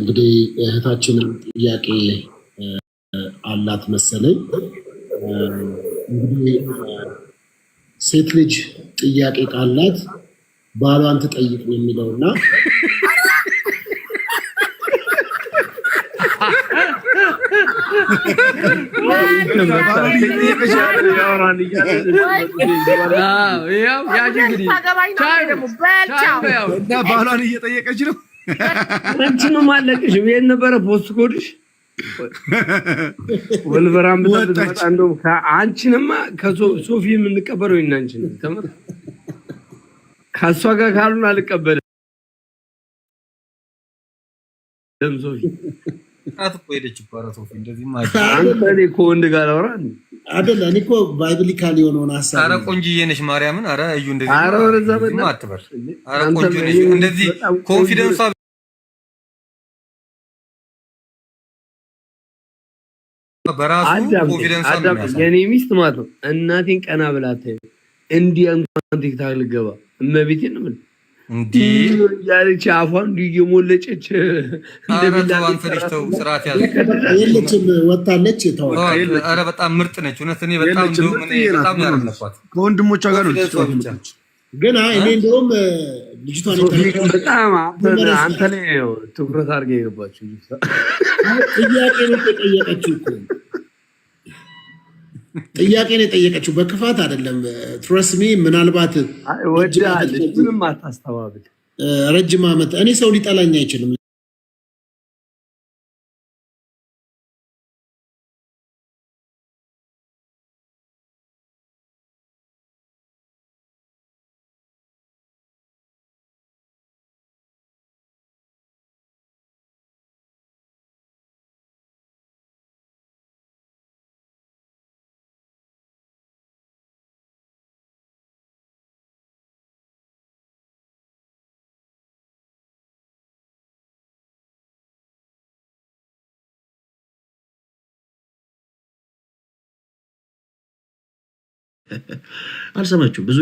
እንግዲህ እህታችንም ጥያቄ አላት መሰለኝ። እንግዲህ ሴት ልጅ ጥያቄ ካላት ባሏን ትጠይቅ ነው የሚለው እና ባሏን እየጠየቀች ነው። አንቺ ማለቅሽ የት ነበረ ፖስት ኮድሽ? ወልቨራም ብትመጣ እንደውም አንቺንማ ከሶፊ የምንቀበለው እና አንቺን ተመር ከእሷ ጋር ካሉን አልቀበልም። ሶፊ ራት እኮ ሄደች ሶፊ እንደዚህ ማለት ጋር እኔ እኮ ባይብሊካል የሆነውን ሀሳብ አረ ቆንጅዬ ነሽ ማርያምን፣ አረ እዩ እንደዚህ አረ ወረዛ አረ ቆንጆ ነሽ እንደዚህ ኮንፊደንሷ በራሱ ኮንፊደንስ የኔ ሚስት ማለት ነው። እናቴን ቀና ብላት እንዲህ እንኳን ቲክታክ ልገባ ምን እንዲህ እየሞለጨች ወጣለች። በጣም ምርጥ ነች። እውነት እኔ በጣም በጣም ከወንድሞቿ ጋር ግን እኔ ልጅቷን በጣም አንተ ላይ ትኩረት አድርገህ የገባችው ጥያቄ ነው የጠየቀችው እኮ ጥያቄን የጠየቀችው፣ በክፋት አይደለም። ትረስሚ ምናልባት ምንም አታስተባብል። ረጅም ዓመት እኔ ሰው ሊጠላኝ አይችልም። አልሰማችሁም ብዙ